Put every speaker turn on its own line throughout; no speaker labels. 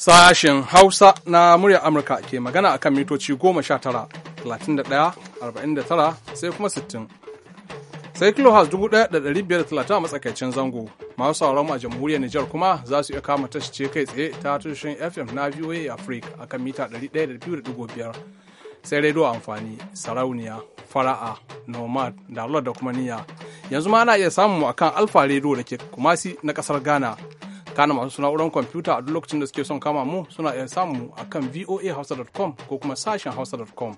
Sashen Hausa na muryar Amurka ke magana akan mitoci 19, 31, 49 sai kuma 60. Sai kilohaz 1,530 a matsakaicin zango. Masu sauran a jamhuriyar Nijar kuma za su iya kama ce kai tsaye ta tushen FM na VOA Africa akan mita 102.5. sai rediyo amfani sarauniya fara'a nomad da da kuma niyya yanzu ma ana iya samun mu kan alfa redo da ke kumasi na kasar ghana kana masu na'urar kwamfuta a duk lokacin da suke son kama mu suna iya samu a kan voahausa.com ko kuma sashen hausa.com.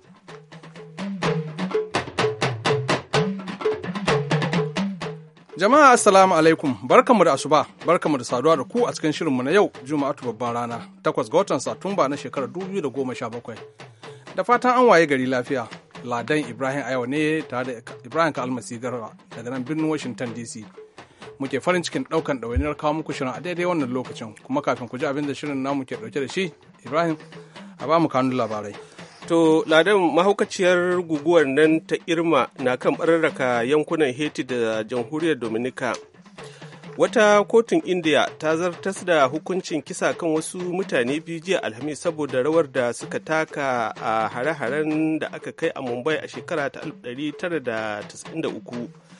Jama'a assalamu alaikum barkamu da asuba barkamu da saduwa da ku a cikin shirinmu na yau Juma'atu babban rana takwas ga watan Satumba na shekarar 2017. Da goma sha bakwai. da fatan an waye gari lafiya Ladan Ibrahim Ayawa ne tare da Ibrahim Kalmasi Garba daga nan birnin Washington DC. muke farin cikin ɗaukan ɗawainiyar kawo muku shirin a daidai wannan lokacin kuma kafin ku ji abin da shirin namu ke ɗauke da shi ibrahim a ba mu kanun labarai
To, ladan mahaukaciyar guguwar nan ta Irma na kan bararraka yankunan Haiti da jamhuriyar Dominica. Wata kotun India ta zartas da hukuncin kisa kan wasu mutane biyu jiya Alhamis saboda rawar da suka taka a hare-haren da aka kai a Mumbai a shekara ta 1993.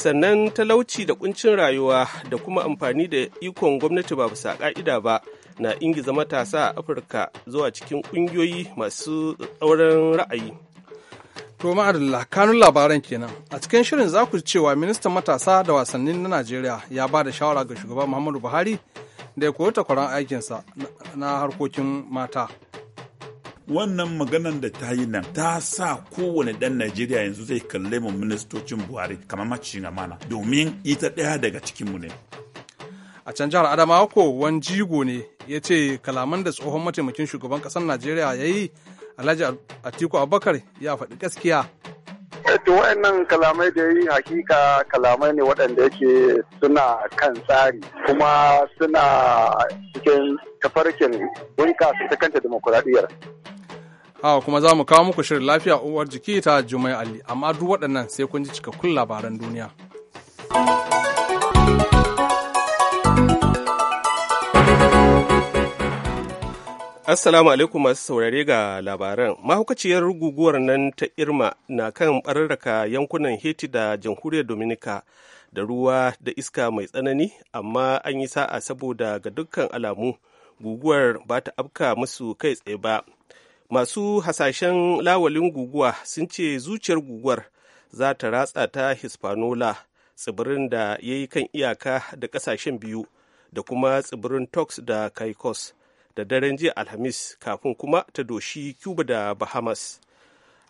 sannan talauci da kuncin rayuwa da kuma amfani da ikon gwamnati ba bisa ka'ida ba na ingiza matasa a afirka zuwa cikin ƙungiyoyi masu tsauran ra'ayi to ma'adalla kanun labaran kenan
a cikin shirin za ku cewa ministan matasa da wasannin na najeriya ya ba da shawara ga Shugaba muhammadu buhari da ya koyi takwaran aikinsa na harkokin mata
wannan maganan da ta yi nan ta sa kowane dan najeriya yanzu zai kalle mu
ministocin buhari kamar macin amana domin ita ɗaya daga cikinmu ne a can jihar adamawa ko wani jigo ne ya ce kalaman da tsohon mataimakin shugaban ƙasar najeriya ya yi alhaji atiku abubakar ya faɗi gaskiya
to wayannan kalamai da yi hakika kalamai ne waɗanda yake suna kan tsari kuma suna cikin tafarkin bunƙasa ta kanta demokuraɗiyyar
Hawa kuma za mu kawo muku shirin lafiya uwar jiki ta Jumai Ali, amma duk waɗannan sai kun ji cikakkun labaran duniya.
Assalamu alaikum masu saurare ga labaran. Mahaukaciyar guguwar nan ta Irma na kan ɓararraka yankunan Haiti da jamhuriyar Dominika da ruwa da iska mai tsanani, amma an yi sa'a saboda ga dukkan alamu guguwar ba ta afka musu kai tsaye ba. masu hasashen lawalin guguwa sun ce zuciyar guguwar za ta ratsa ta hispanola tsibirin da ya yi kan iyaka da ƙasashen biyu da kuma tsibirin tox da caicos da daren jiya alhamis kafin kuma ta doshi cuba da bahamas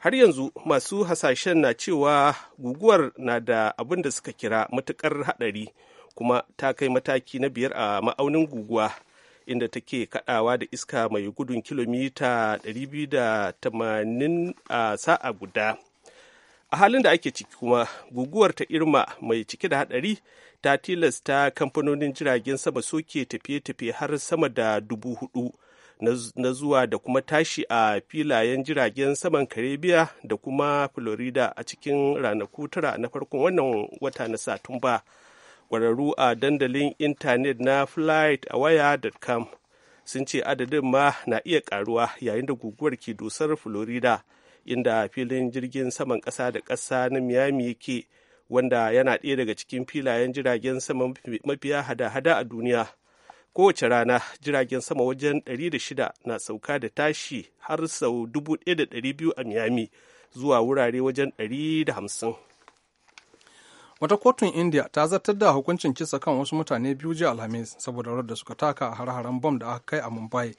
har yanzu masu hasashen na cewa guguwar na da abin da suka kira matukar haɗari kuma ta kai mataki na biyar a ma'aunin guguwa inda take kadawa da iska mai gudun kilomita 280 a sa'a guda a halin da ake ciki kuma guguwar ta irma mai cike da hadari ta tilasta kamfanonin jiragen sama soke tafiye-tafiye har sama da dubu hudu na zuwa da kuma tashi a filayen jiragen saman Karibiya da kuma Florida a cikin ranaku tara na farkon wannan wata na Satumba. kwararru a dandalin intanet na flightawire.com sun ce adadin ma na iya ƙaruwa yayin da guguwar ke dusar florida inda filin jirgin saman ƙasa da ƙasa na miami yake wanda yana ɗaya daga cikin filayen jiragen sama mafiya hada-hada a duniya kowace rana jiragen sama wajen 600 na sauka da tashi har sau 1200 a miami zuwa wurare wajen 150
wata kotun india ta zartar da hukuncin kisa kan wasu mutane biyu jiya alhamis saboda rawar da suka taka a har bom da aka kai a mumbai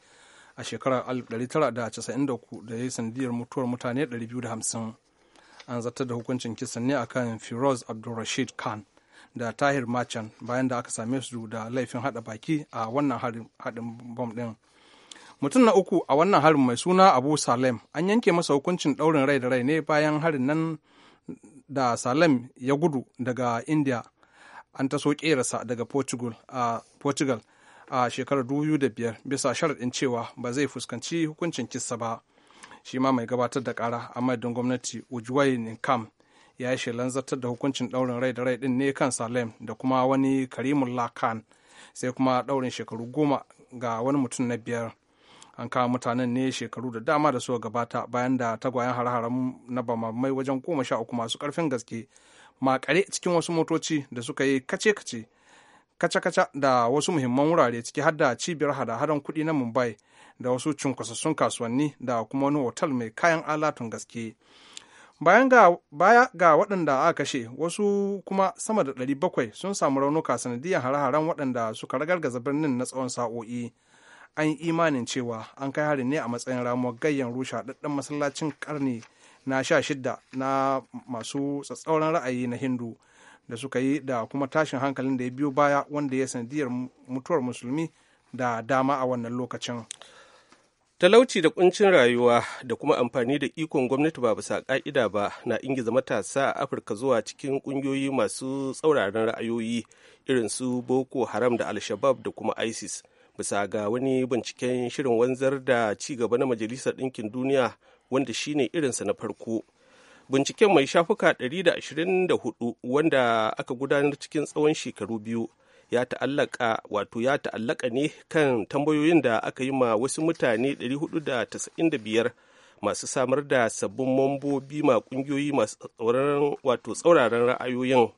a shekarar 1993 da ya yi sandiyar mutuwar mutane 250 an zartar da hukuncin kisa ne a kan firoz abdulrashid khan da tahir machan bayan da aka same su da laifin hada baki a wannan haɗin bom ɗin mutum na uku a wannan harin mai suna abu salem an yanke masa hukuncin ɗaurin rai da rai ne bayan harin nan da salem ya gudu daga india an taso kerasa daga portugal a portugal a shekarar biyar bisa sharaɗin cewa ba zai fuskanci hukuncin kisa ba shi ma mai gabatar da ƙara a madadin gwamnati ne ninkam ya yi shelan zartar da hukuncin daurin rai da rai din ne kan salem da kuma wani karimullah khan sai kuma daurin shekaru goma ga wani mutum na biyar an kawo mutanen ne shekaru da dama da suka gabata bayan da tagwayen har-haren na bamamai wajen goma sha uku masu karfin gaske makare cikin wasu motoci da suka yi kace-kace kaca-kaca da wasu muhimman wurare ciki har da cibiyar hada-hadan kuɗi na mumbai da wasu cunkusassun kasuwanni da kuma wani otal mai kayan alatun gaske bayan ga baya ga waɗanda aka kashe wasu kuma sama da 700 sun samu raunuka sanadiyar har haren waɗanda suka ragargaza birnin na tsawon sa'o'i an yi imanin cewa an kai hari ne a matsayin ramuwar gayyan rusha haɗaɗɗen masallacin karni na sha shidda na masu tsatsauran ra'ayi na hindu da suka yi da kuma tashin hankalin da ya biyo baya wanda ya sanadiyar mutuwar musulmi da dama a wannan lokacin
talauci da kuncin rayuwa da kuma amfani da ikon gwamnati ba bisa ka'ida ba na ingiza matasa a afirka zuwa cikin kungiyoyi masu tsauraran ra'ayoyi irin su boko haram da al da kuma isis bisa ga wani binciken shirin wanzar da ci gaba na majalisar ɗinkin duniya wanda shine irinsa na farko binciken mai shafuka 124 wanda aka gudanar cikin tsawon shekaru biyu ya ta'allaka wato ya ta'allaka ne kan tambayoyin da aka yi ma wasu mutane 495 masu samar da sabbin mambobi ma kungiyoyi masu wato tsauraran ra'ayoyin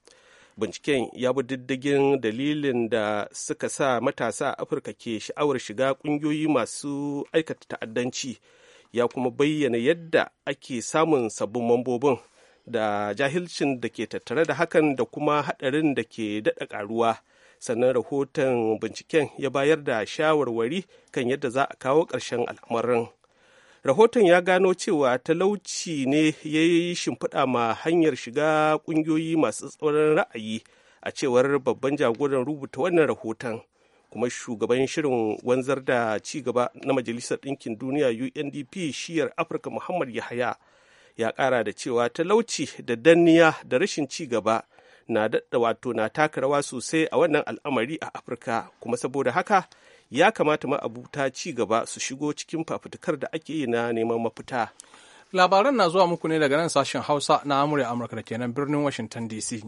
binciken ya bi diddigin dalilin da suka sa matasa a afirka ke sha'awar shiga ƙungiyoyi masu aikata ta'addanci ya kuma bayyana yadda ake samun sabbin mambobin da jahilcin da ke tattare da hakan da kuma haɗarin da ke daɗa ƙaruwa sannan rahoton binciken ya bayar da shawarwari kan yadda za a kawo ƙarshen al'amarin rahoton ya gano cewa talauci ne ya yi shimfiɗa ma hanyar shiga ƙungiyoyi masu tsoron ra'ayi a cewar babban jagoran rubuta wannan rahoton kuma shugaban shirin wanzar da ci gaba na majalisar ɗinkin duniya undp shiyar afirka muhammad yahaya ya ƙara da cewa talauci da danniya da rashin ci gaba na daɗa wato na taka rawa sosai a wannan al'amari a afirka kuma saboda haka ya kamata ma'abuta ci gaba su shigo cikin fafutukar da ake yi na neman mafita
labaran na zuwa muku ne daga nan sashen hausa na amurya amurka da kenan birnin washington dc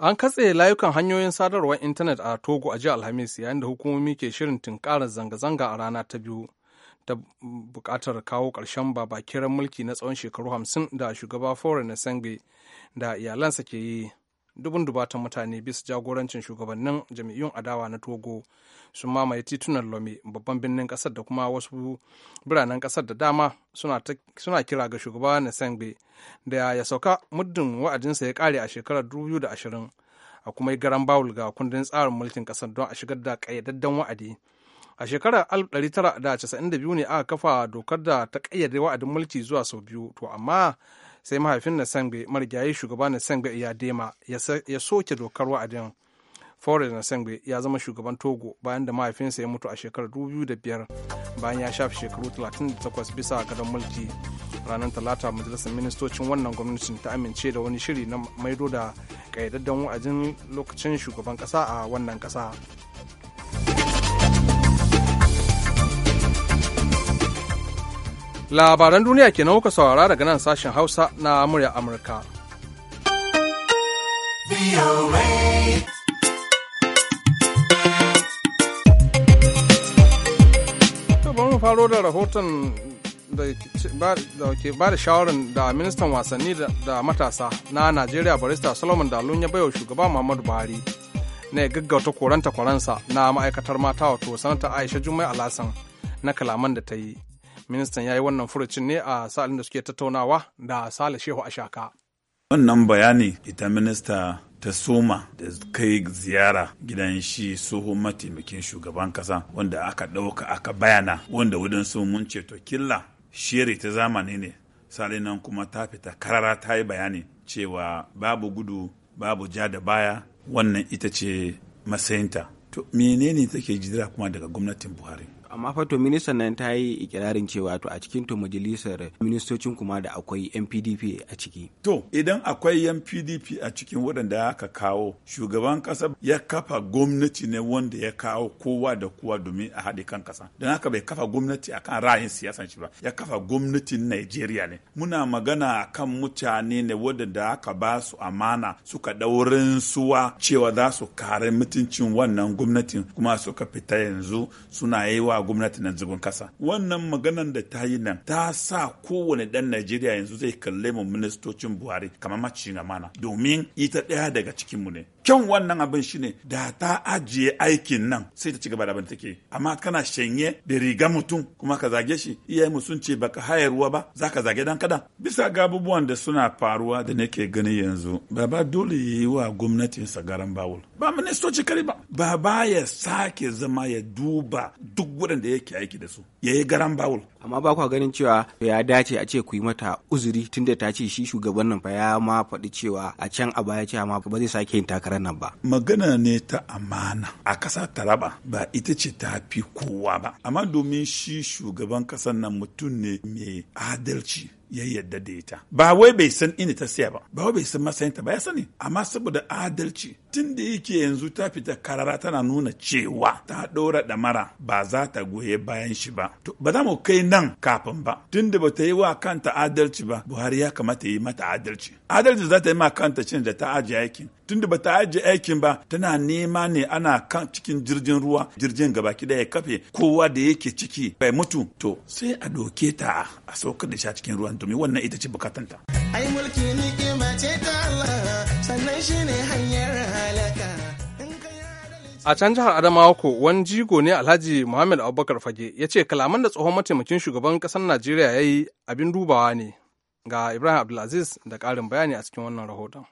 An katse layukan hanyoyin sadarwar intanet a Togo a jiya Alhamis yayin da hukumomi ke shirin tunkarar zanga-zanga a rana ta biyu ta buƙatar kawo ƙarshen babakiran mulki na tsawon shekaru hamsin da shugaba fore na Sangbe da iyalansa ke yi. Dubun dubatan mutane bisa jagorancin shugabannin jami'un adawa na Togo sun mamaye titunan Lome babban birnin ƙasar da kuma wasu biranen ƙasar da dama suna kira ga shugaba na Sangbe da ya sauka muddin wa'adinsa ya ƙare a shekarar 2020 a kuma yi garan bawul ga kundin tsarin mulkin ƙasar don a shigar da ƙayyadaddan wa'adi. A shekarar 1992 ne aka kafa dokar da ta kayyade wa'adin mulki zuwa sau biyu, to amma sai mahaifin na Sangbe marigayi shugaba na Sangbe ya dema ya soke dokar wa'adin. Faure na Sangbe ya zama shugaban Togo bayan da mahaifinsa ya mutu a shekarar 2005 bayan ya shafi shekaru 38 bisa gadon mulki. Ranar Talata majalisar ministocin wannan gwamnatin ta amince da wani shiri na maido da ƙayyadaddan wa'adin lokacin shugaban ƙasa a wannan ƙasa. labaran duniya kenan kuka saurara daga nan sashen hausa na murya amurka faro da rahoton da ke ba da shawarar da ministan wasanni da matasa na najeriya barista solomon dalun ya baiwa shugaba muhammadu buhari na ya gaggauta koranta kwaransa na ma'aikatar mata wato sanata aisha jummai alasan na kalaman da ta yi ministan ya yi wannan furucin ne a sa'alin da suke tattaunawa da sale shehu ashaka
wannan bayani ita minista ta soma da kai ziyara gidan shi soho mataimakin shugaban kasa wanda aka ɗauka aka bayana wanda wudan su mun ce to killa shere ta zamani ne sale nan kuma ta fita karara ta yi bayani cewa babu gudu babu ja da baya wannan ita ce masayinta to menene take jira kuma daga gwamnatin buhari
amma fa to ministan nan ta yi ikirarin cewa to a cikin to majalisar ministocin kuma da akwai yan a ciki to idan
akwai yan pdp a cikin waɗanda aka kawo shugaban ƙasa ya kafa gwamnati ne wanda ya kawo kowa da kowa domin a haɗe kan kasa. don haka bai kafa gwamnati akan ra'ayin siyasa shi ba ya kafa gwamnatin najeriya ne muna magana akan mutane ne waɗanda aka ba su amana suka ɗaurin suwa cewa za su kare mutuncin wannan gwamnatin kuma suka fita yanzu suna yi wa a gwamnati nan zubin kasa wannan maganan da ta yi nan ta sa kowane dan najeriya yanzu zai kalle mu ministocin buhari kamar macin amana domin ita ɗaya daga cikin mu ne kyan wannan abin shine da ta ajiye aikin nan sai ta ci gaba da abin take amma kana shanye da riga mutum kuma ka zage shi iyaye mu sun ce baka hayarwa ba zaka zage dan kada bisa ga abubuwan da suna faruwa da nake gani yanzu baba dole yi wa gwamnatin garan bawul ba ministoci kari ba baba ya sake zama ya duba duk waɗanda yake aiki da su
ya yi garan bawul amma ba kwa ganin cewa ya dace a ce ku yi mata uzuri tunda ta ce shi shugaban nan fa ya ma faɗi cewa a can a baya cewa ma ba zai sake yin takarar nan ba
magana ne ta amana a ƙasa taraba ba ita ce ta fi kowa ba amma domin shi shugaban ƙasar nan mutum ne mai adalci ya yadda da ita ba wai bai san ina ta siya ba ba wai bai san ta ba ya sani amma saboda adalci tun da yake yanzu ta fita karara tana nuna cewa ta ɗora ɗamara ba za ta goye bayan shi ba to ba za mu kai na nan kafin ba tunda ta yi wa kanta adalci ba buhari ya kamata yi mata adalci adalci za ta yi ma kanta cin da ta ajiye aikin tunda bata ajiye aikin ba tana nema ne ana kan cikin jirgin ruwa jirgin gaba ki ya kafe kowa da yake ciki bai mutu to sai a doke ta a saukar da shi cikin ruwan domin wannan ita ce bukatanta
ai mulki ni ce
ta Allah sannan shine hanya
a can jihar adamawa ko wani jigo ne alhaji muhammad abubakar fage ya ce kalaman da tsohon mataimakin shugaban kasar najeriya ya yi abin dubawa ne ga ibrahim abdulaziz da ƙarin bayani a cikin
wannan rahoton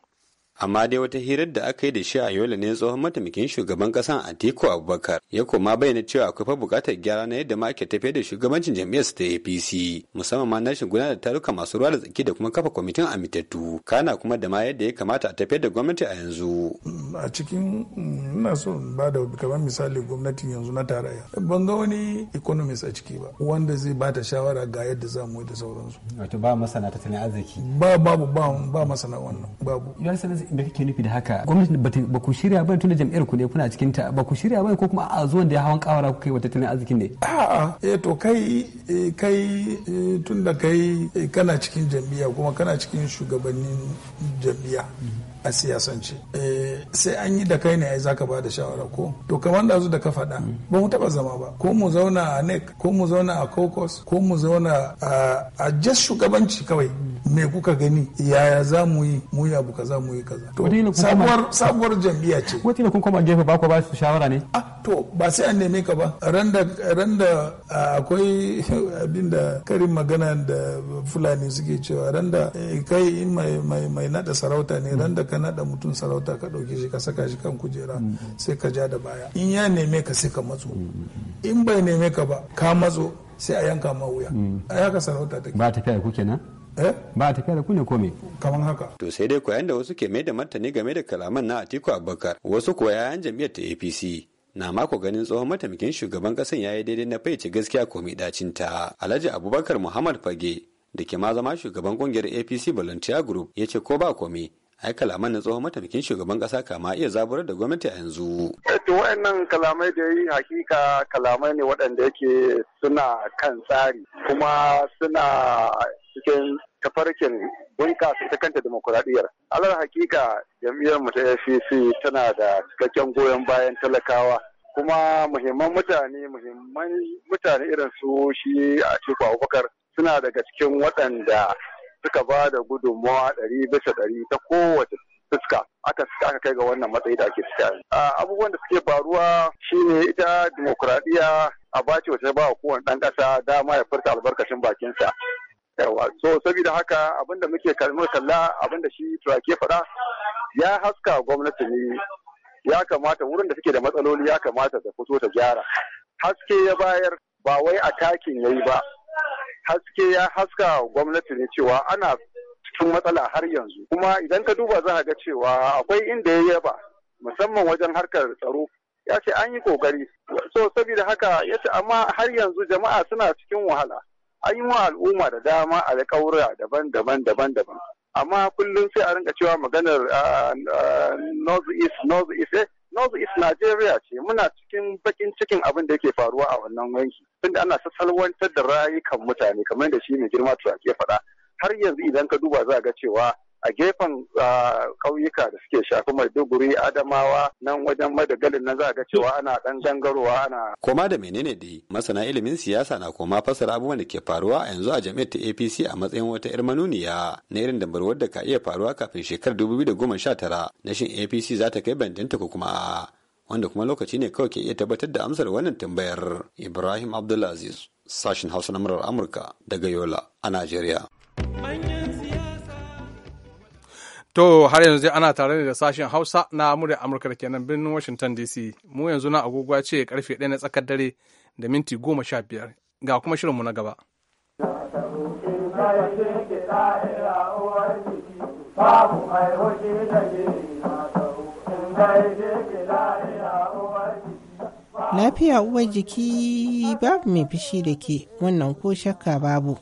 amma dai wata hirar da aka yi da shi a yola ne tsohon mataimakin shugaban kasan atiku abubakar ya koma bayyana cewa akwai fa bukatar gyara na yadda ma ake tafiya da shugabancin jam'iyyar ta apc musamman ma na shiguna da taruka masu ruwa da tsaki da kuma kafa kwamitin amintattu kana kuma da ma yadda ya kamata a tafiyar da gwamnati a yanzu a cikin ina so
ba da kamar misali gwamnatin yanzu na tarayya ban ga wani economist a ciki ba wanda zai ba ta shawara ga yadda za mu yi da sauransu wato ba masana tattalin arziki ba babu ba masana wannan
babu da kake nufi da haka gwamnati ba ku shirya ba da jam'iyyar ku ne kuna cikin ta ba ku shirya ba ko kuma a zuwan da ya hawan kawara kuka kai wa tattalin arzikin ne
a'a eh to kai eh kai eh da kai eh kana cikin jam'iyya kuma kana cikin shugabannin jam'iyya a siyasance eh, sai an yi da kai ne ai zaka ba da shawara ko to kamar da da ka faɗa ba mu taba zama ba ko mu zauna a nec ko mu zauna a caucus ko mu zauna a just shugabanci kawai me kuka gani yaya za mu yi mu yi abu kaza mu yi kaza to sabuwar sabuwar jam'iyya ce wata ne kun koma gefe ba ku ba su shawara ne ah to ba sai an neme ka ba randa da akwai abin da karin magana da fulani suke cewa randa eh, kai in mai mai nada sarauta ne randa ka ka nada mutum sarauta ka ɗauke shi ka saka shi kan kujera sai ka ja da baya in ya neme ka sai ka matso in bai neme ka ba ka matso sai a yanka ma wuya
mm. a yaka sarauta take ba tafiya ku kenan eh? ba ta da ku ne kome kamar haka to sai dai koyan da wasu ke mai da martani game da kalaman na Atiku Abubakar wasu kuwa yayan jam'iyyar ta APC na mako ganin tsohon mataimakin shugaban kasan yayi daidai na faice gaskiya komi dacin ta Alhaji Abubakar Muhammad Fage da ke ma zama shugaban kungiyar APC Volunteer Group ya ce ko ba komai ai kalaman na tsohon mataimakin shugaban kasa kama iya zaburar da gwamnati a yanzu.
Eto eh, wayannan kalamai da yi hakika kalamai ne waɗanda yake suna kan tsari kuma suna cikin tafarkin bunƙasa ta kanta demokuraɗiyyar. Alar hakika jam'iyyar mu ta FCC tana da cikakken goyon bayan talakawa kuma muhimman mutane muhimman mutane irin su shi a cikin Abubakar suna daga cikin waɗanda suka ba da gudunmawa ɗari bisa ɗari ta kowace fuska aka aka kai ga wannan matsayi da ake ciki abubuwan da suke faruwa shine ita demokradiya a bace wace ba kowane ɗan ƙasa dama ya furta albarkacin bakinsa yawa so saboda haka abinda muke kalla da shi turake faɗa ya haska gwamnati ne ya kamata wurin da suke da matsaloli ya kamata ta fito ta gyara haske ya bayar ba wai a takin yayi ba haske ya haska gwamnati ne cewa ana cikin matsala har yanzu kuma idan ka duba za ga cewa akwai inda ya yaba musamman wajen harkar tsaro ya ce an yi kokari so saboda haka ya ce amma har yanzu jama'a suna cikin wahala an yi wa al'umma da dama a alƙawura daban-daban daban-daban amma kullum sai a rinka cewa maganar ah, ah, north east north east eh? North East Nigeria ce muna cikin bakin cikin abin da yake faruwa a wannan wanki, tunda ana sassalwantar da rayukan mutane kamar da shi mai girma turaki ya faɗa har yanzu idan ka duba za ga cewa a gefen ƙauyuka da suke shafi maiduguri adamawa nan wajen madagalin na za ga cewa ana ɗan gangarowa ana.
koma da menene dai masana ilimin siyasa na koma fasara abubuwan da ke faruwa a yanzu a jami'ar ta apc a matsayin wata yar manuniya na irin dambarwar da ka iya faruwa kafin shekarar tara, na shin apc za ta kai bandinta ko kuma wanda kuma lokaci ne kawai ke iya tabbatar da amsar wannan tambayar ibrahim abdulaziz sashin hausa na murar amurka daga yola a najeriya.
To har yanzu ana tare da sashen Hausa na murya Amurka da kenan birnin Washington DC. Mu yanzu na agogwa ce karfe ɗaya na tsakar dare da minti goma sha biyar. Ga kuma shirinmu na gaba.
Lafiya uwar jiki babu mai fishi da ke wannan ko shakka babu.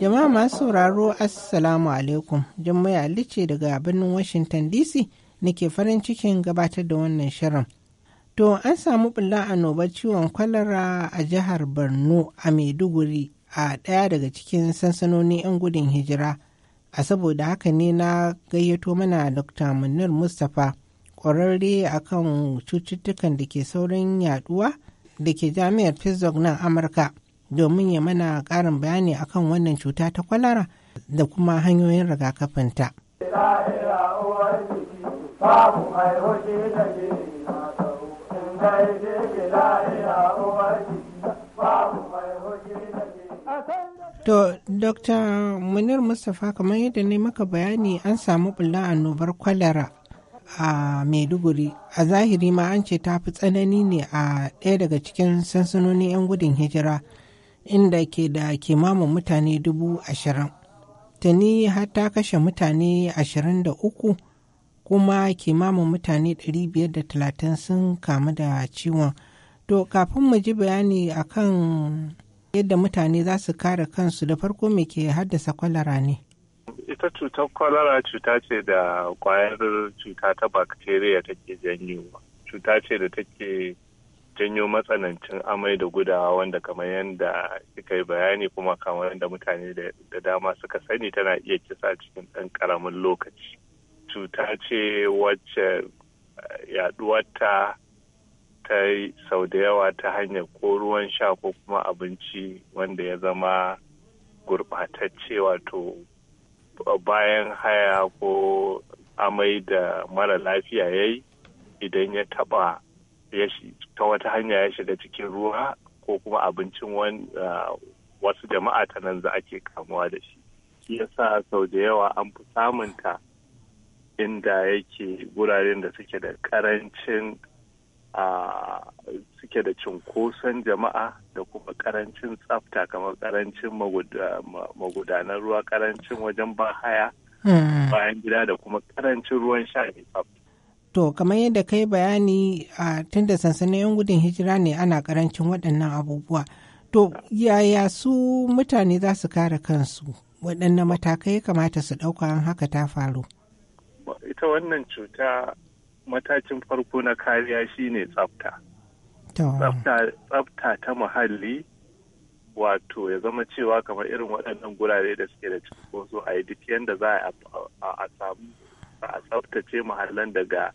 Jama'a masu sauraro Assalamu alaikum. Jummai Ali ce daga birnin Washington DC nake farin cikin gabatar da wannan shirin. To an samu bulla annobar ciwon kwalara a jihar Borno a Maiduguri a ɗaya daga cikin sansanonin 'yan gudun hijira. A saboda haka ne na gayyato mana Dr. Munir Mustapha kwararre akan cututtukan da ke saurin yaduwa da ke jami'ar pittsburgh nan amurka domin ya mana karin bayani akan wannan cuta ta kwalara da kuma hanyoyin rigakafinta. To, Dr. Munir Mustapha kamar yadda ne maka bayani an samu bulla annobar kwalara a maiduguri a zahiri ma an ce ta fi tsanani ne a ɗaya daga cikin sansanoni 'yan gudun hijira inda ke da kimamin mutane dubu ashirin tani har ta kashe mutane ashirin da uku kuma kimamin mutane biyar da ɗari talatin sun kamu da ciwon to kafin mu ji bayani akan yadda mutane za su kare kansu da farko mai ke haddasa kwalara ne
Ita cutar kwalara cuta ce da kwayar cuta ta bakteriya take janyo Cuta ce da take janyo matsanancin amai da gudawa wanda kamar yadda kika yi bayani kuma kamar yadda mutane da dama suka sani tana iya kisa cikin ɗan ƙaramin lokaci. Cuta ce wacce eh, yaɗuwarta ta sau da yawa ta hanyar ko ruwan sha ko kuma abinci wanda ya zama gurɓatacce wato bayan haya ko amai da mara lafiya ya yi idan ya taba ta wata hanya ya shiga cikin ruwa ko kuma abincin ah, wasu jama'a ta nan za ake kamuwa da shi shi yasa sau da yawa an fi samunta inda yake guraren da suke da karancin a suke da cunkoson jama'a da kuma karancin tsafta kamar karancin magudanar ruwa karancin wajen bahaya hmm. bayan gida da kuma karancin ruwan sha
To kamar yadda kai bayani a tunda sansanin 'yan gudun hijira ne ana karancin waɗannan abubuwa. To yaya su mutane za su kare kansu waɗannan matakai kamata su ɗauka an haka ta faru?
Ita wannan cuta matakin farko na kariya shine tsafta tsafta ta muhalli wato ya zama cewa kamar irin waɗannan gurare da suke da su a yi duk yadda za a samu a tsaftace muhallan daga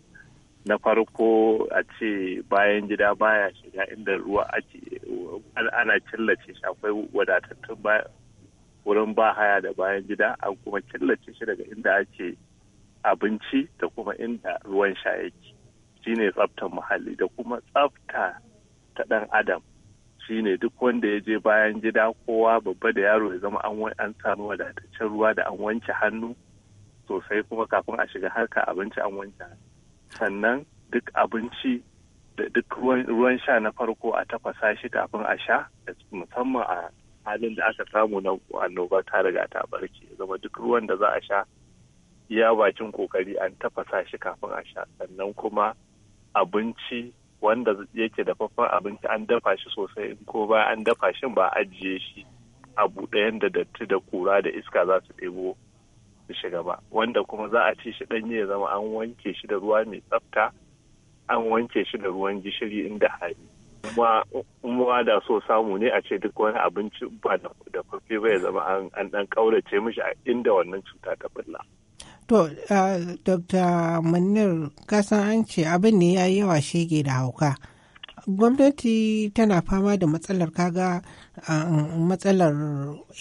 na farko a ce bayan gida baya shiga inda ruwa ake ana killace shi akwai wadatattun wurin ba haya da bayan gida an kuma killace shi daga inda ake abinci da kuma inda ruwan sha yake shine tsaftar muhalli da kuma tsafta ta ɗan adam shine duk wanda ya je bayan gida kowa babba da yaro ya zama an an samu wadataccen ruwa da an wanke hannu sosai kuma kafin a shiga harka abinci an wanke sannan duk abinci da duk ruwan sha na farko a tafasa shi kafin a sha musamman a halin da aka samu na annoba ta riga ta barke zama duk ruwan da za a sha ya bakin kokari an tafasa shi kafin a sha sannan kuma abinci wanda yake dafaffen abinci an dafa shi sosai in ko ba an dafa shi ba ajiye shi a buɗe yadda datti da kura da iska za su ɗebo su shiga ba wanda kuma za a ci shi ɗanye ya zama an wanke shi da ruwa mai tsafta an wanke shi da ruwan gishiri inda hari kuma da so samu ne a ce duk wani abinci ba da farfe ba ya zama an ɗan ƙaurace mishi a inda wannan cuta ta bulla.
To, Dr. Munir, kasan an ce abin ne ya yi yawa shege da hauka. Gwamnati tana fama da matsalar kaga matsalar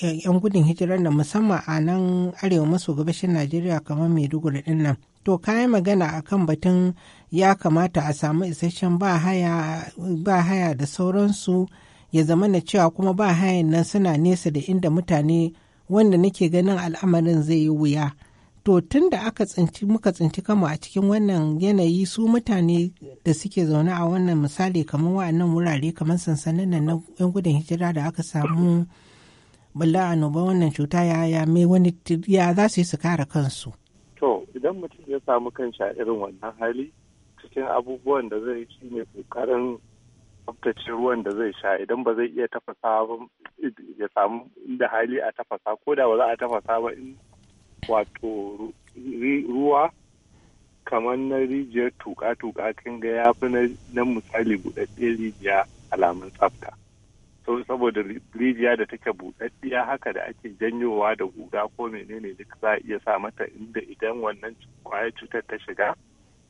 'yan gudun hijirar na, musamman a nan arewa maso gabashin Najeriya kamar Maiduguri din nan. To, kayan magana a kan batun ya kamata a samu isasshen ba haya da sauransu ya zama na cewa kuma ba hayan nan suna nesa da inda mutane wanda nake ganin al'amarin zai yi wuya. to tun da aka tsinci muka tsinci kama a cikin wannan yanayi su mutane da suke zaune a wannan misali kamar wa'annan wurare kamar sansanin nan na yan gudun hijira da aka samu balla annoba wannan cuta ya ya me wani ya za su yi su kare kansu
to idan mutum ya samu kansa irin wannan hali cikin abubuwan da zai shi ne kokarin tsaftace ruwan da zai sha idan ba zai iya tafasa ba ya samu inda hali a tafasa ko da ba za a tafasa ba in wato ruwa kamar na rijiyar tuka-tuka kan ga ya fi na misali buɗaɗɗiyar rijiya alamun tsafta. sau saboda rijiya da take buɗaɗɗiya haka da ake janyowa da guga ko menene duk za a iya sa mata inda idan wannan kwayar cutar ta shiga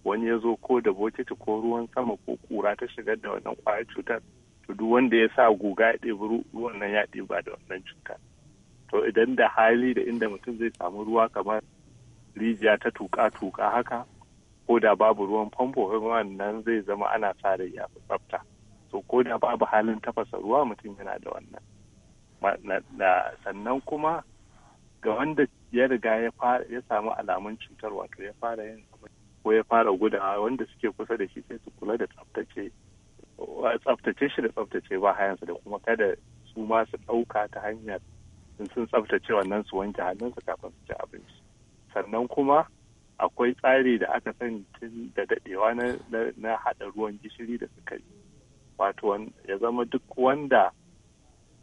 wani ya zo ko da bokiti ko ruwan sama ko kura ta shigar da wannan kwayar cutar to duk wanda ya sa guga ya ɗebi ruwan nan ya ɗeba da wannan cutar. to idan da hali da inda mutum zai samu ruwa kamar rijiya ta tuka-tuka haka ko da babu ruwan famfo ruwan nan zai zama ana sa da ya tsafta so ko da babu halin tafasa ruwa mutum yana da wannan sannan kuma ga wanda ya riga ya samu alamun cutar wato ya fara yin ko ya fara gudawa wanda suke kusa da shi sai su kula da tsaftace tsaftace shi da tsaftace ba hayansa da kuma kada su ma su ɗauka ta hanyar in sun tsabtace wannan su wanke hannunsu kafin su ci abinci sannan kuma akwai tsari da aka sani tun da dadewa na haɗa ruwan gishiri da sukari wato ya zama duk wanda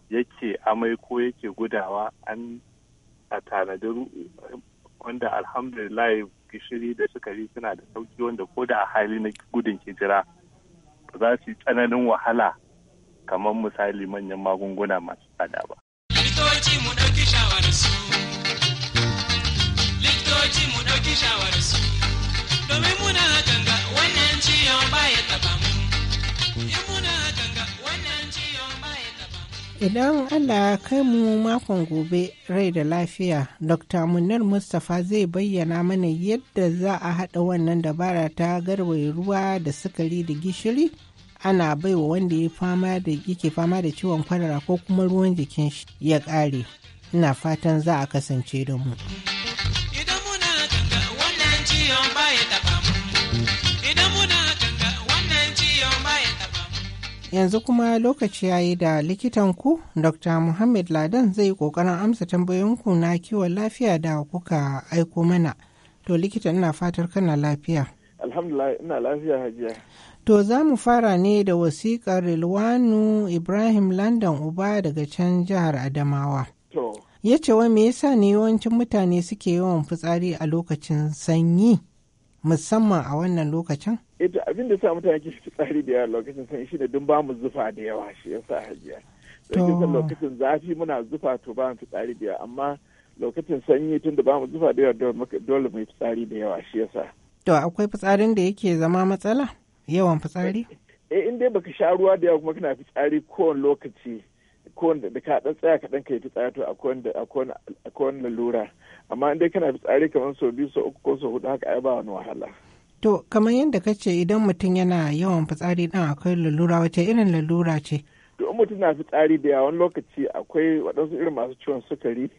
yake amai ko yake gudawa an a tanadi wanda alhamdulillah gishiri da sukari suna da sauki wanda ko da a hali na gudun hijira ba za su yi tsananin wahala kamar misali manyan magunguna masu tsada ba
idan allah ya kai mu makon gobe rai da lafiya dr munir mustapha zai bayyana mana yadda za a haɗa wannan dabara ta garwaye ruwa da sukari da gishiri ana baiwa wanda ya fama da ciwon kwarara ko kuma ruwan jikin shi ya ƙare ina fatan za a kasance da mu. yanzu kuma lokaci ya yi da likitanku dr muhammad ladan zai yi kokarin amsa tambayoyinku na kiwon lafiya da kuka aiko mana to likita ina fatar kana lafiya
alhamdulillah ina lafiya hajiya
to za mu fara ne da wasiƙar rilwanu ibrahim london uba daga can jihar adamawa Ya ce wai me yasa ne yawancin mutane suke yawan fitsari a lokacin sanyi musamman a wannan lokacin?
Ita eh, abin da sa mutane ke fitsari da yawa lokacin sanyi shi ne dun ba mu zufa da yawa shi ya sa hajiya.
Lokacin lokacin
zafi muna zufa to ba mu fitsari da yawa amma lokacin sanyi tun da ba mu zufa da yawa dole mu yi fitsari da yawa shi ya sa.
To akwai fitsarin da yake zama matsala? Yawan fitsari?
Eh, eh in dai baka sha ruwa da yawa kuma kana fitsari kowane lokaci ko wanda da ka dan tsaya kaɗan ka yi fitsari to akwai wani lura amma in dai kana fitsari kamar sau biyu sau uku ko sau hudu haka ai ba wani wahala.
To kamar yadda ka ce idan mutum yana yawan fitsari ɗin akwai lalura wace irin lalura ce?
To in mutum na fitsari da yawan lokaci akwai waɗansu irin masu ciwon sukari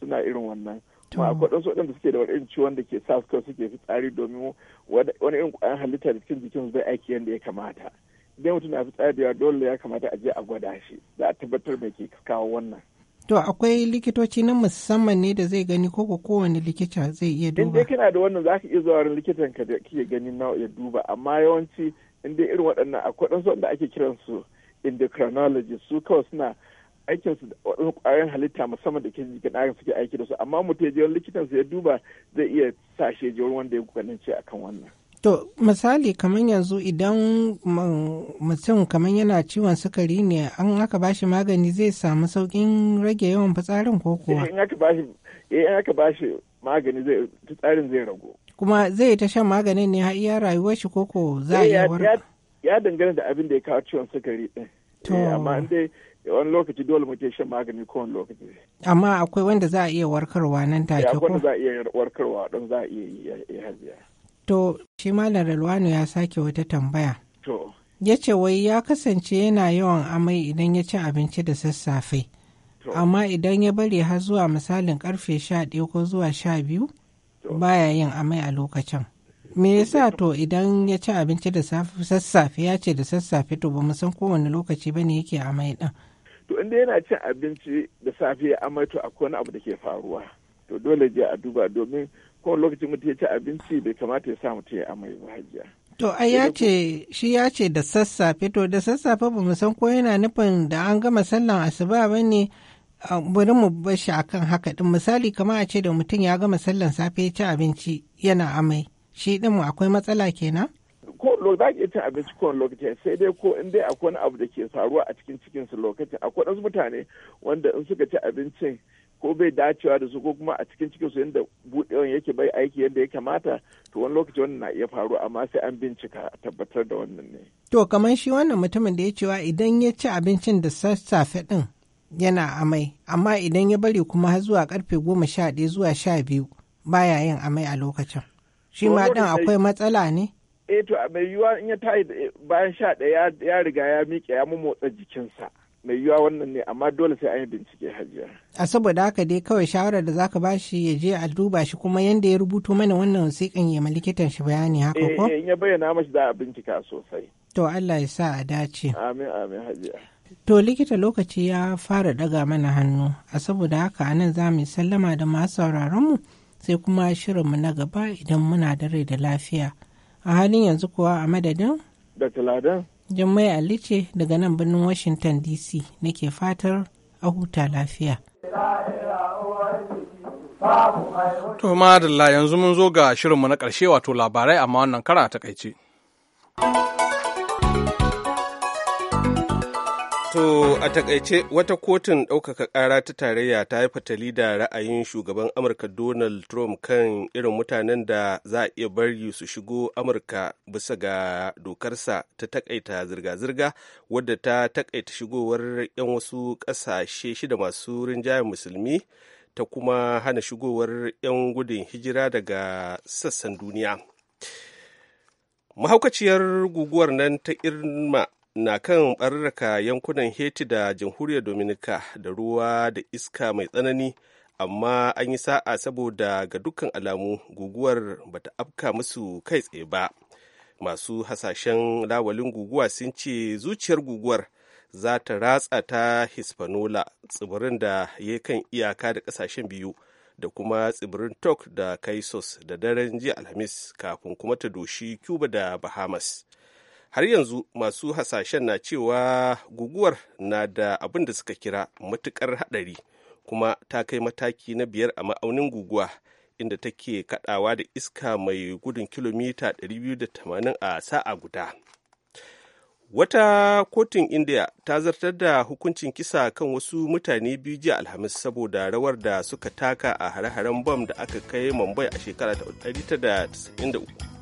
suna irin wannan. Kuma akwai waɗansu waɗanda suke da irin ciwon da ke sa suke fitsari domin wani irin ƙwayar halitta da cikin jikin zai aiki yadda ya kamata. idan mutum na fitsarewa dole ya kamata a je a gwada shi za a tabbatar mai ke kawo wannan.
To akwai likitoci na musamman ne da zai gani ko kowane likita zai iya duba. In dai
kana da wannan za ka iya zuwa likitan ka da kike gani na ya duba amma yawanci inda irin waɗannan akwai ɗansu wanda ake kiransu endocrinology su kawai suna aikin su waɗansu ƙwayoyin halitta musamman da ke jikin ɗayan suke aiki da su amma mutum ya je likitan su ya duba zai iya sa wanda ya ganin ce akan wannan.
To misali kamar yanzu idan mutum kamar yana ciwon sukari ne an aka bashi magani zai samu saukin rage yawan fitsarin ko kuwa? Eh,
in aka bashi eh, magani zai fitsarin zai ragu.
Kuma zai ta shan maganin ne har iya rayuwar shi ko ko za a eh, iya warka?
Ya dangane da abin da ya kawo ciwon sukari ɗin. To. Amma dai wani lokaci dole muke shan magani wani lokaci.
Amma akwai wanda za a iya warkarwa nan take ko? Akwai wanda
za a iya warkarwa don za a iya yi hajiya.
To, shi Malam Ralwano ya sake wata tambaya. To. Ya ce wai ya kasance yana yawan amai idan ya ci abinci da sassafe. Amma idan ya bari har zuwa misalin karfe sha ɗaya ko zuwa sha biyu, baya yin amai a lokacin. Me yasa to idan ya ci abinci da sassafe ya ce da sassafe to ba san kowane lokaci ba ne yake amai ɗin.
To inda yana cin abinci da safe ya amai to akwai wani abu da ke faruwa. To dole je a duba domin ko lokacin mutum ya ci abinci bai kamata ya sa mutum ya amai ba hajiya.
To ai ya ce shi ya ce da sassafe to da sassafe ba mu san ko yana nufin da an gama sallan asuba ba ne bari mu bar shi akan haka din misali kama a ce da mutum ya gama sallan safe ya ci abinci yana amai shi din mu akwai matsala kenan?
ko za ki cin abinci ko lokaci sai dai ko in dai akwai wani abu da ke faruwa a cikin cikinsu lokacin akwai wasu mutane wanda in suka ci abincin ko bai dacewa da su ko kuma a cikin cikin su yadda buɗewa yake bai aiki yadda ya kamata to wani lokaci wannan na iya faru amma sai an bincika a tabbatar da wannan ne.
To kamar shi wannan mutumin da ya cewa idan ya ci abincin da sassafe ɗin yana amai amma idan ya bari kuma har zuwa karfe goma sha ɗaya zuwa sha biyu baya yin amai a lokacin.
Shi ma ɗin akwai
matsala ne?
Eh to mai yiwuwa in ya tayi bayan sha ɗaya ya riga ya miƙe ya motsa jikinsa. mai yiwuwa wannan ne amma dole sai an yi bincike hajiya.
A saboda haka dai kawai shawarar da zaka ba shi ya je a duba shi kuma yanda ya rubuto mana wannan wasiƙan ya ma likitan shi bayani haka ko? Eh, eh
ya bayyana mashi za a bincika sosai.
To Allah ya sa a dace.
Amin amin hajiya.
To likita lokaci ya fara daga mana hannu a saboda haka a nan za mu sallama da masu sauraron mu, sai kuma mu na gaba idan muna da rai da lafiya. A halin yanzu kuwa a madadin?
Da taladan.
Jummai Ali ce daga nan birnin Washington DC nake fatar a huta lafiya.
To madalla yanzu mun zo ga shirinmu na ƙarshe wato
labarai amma wannan kara a takaice. To a takaice wata kotun ɗaukaka ƙara ta tarayya ta yi fatali da ra'ayin shugaban Amurka Donald Trump kan irin mutanen da za a iya bari su shigo Amurka bisa ga dokarsa ta takaita zirga-zirga wadda ta takaita shigowar 'yan wasu ƙasashe shida masu rinjayen musulmi ta kuma hana shigowar 'yan gudun hijira daga sassan duniya. mahaukaciyar guguwar nan ta irma na kan barraka yankunan heti da jamhuriyar Dominica da ruwa da iska mai tsanani amma an yi sa'a saboda ga dukkan alamu guguwar ba ta afka musu kai tsaye ba masu hasashen lawalin guguwa sun ce zuciyar guguwar za ta ratsa ta hispanola tsibirin da ya kan iyaka da ƙasashen biyu da kuma tsibirin tok da kaisos da daren jiya alhamis kafin kuma ta doshi cuba da bahamas har yanzu masu hasashen na cewa guguwar na da abin da suka kira matukar haɗari kuma ta kai mataki na biyar a ma'aunin guguwa inda take kaɗawa da iska mai gudun kilomita 280 a sa'a guda wata kotun india ta zartar da hukuncin kisa kan wasu mutane biyu jiya alhamis saboda rawar da suka taka a hare-haren bam da aka kai mumbai a shekara 1993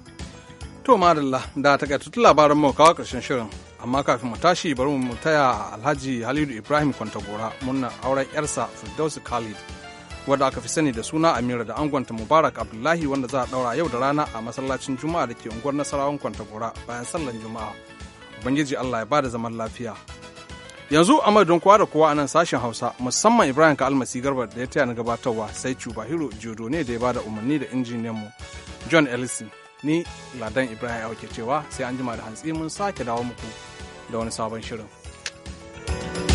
To madalla da takaitattun labaran mu kawo ƙarshen shirin amma kafin mu tashi bari mu taya Alhaji Halidu Ibrahim Kwantagora murnar auren yarsa Firdausi Khalid wadda aka fi sani da suna Amira da angonta Mubarak Abdullahi wanda za a daura yau da rana a masallacin Juma'a da ke unguwar Nasarawan Kwantagora bayan sallan Juma'a. Ubangiji Allah ya bada zaman lafiya. Yanzu a madadin kowa da kowa a nan sashen Hausa musamman Ibrahim kalmasi garba da ya taya na gabatarwa sai Cuba Hiro Jodo ne da ya bada umarni da mu John Ellison. ni ladan ibrahim auke cewa sai an jima da hantsi mun sake dawo muku da wani sabon shirin.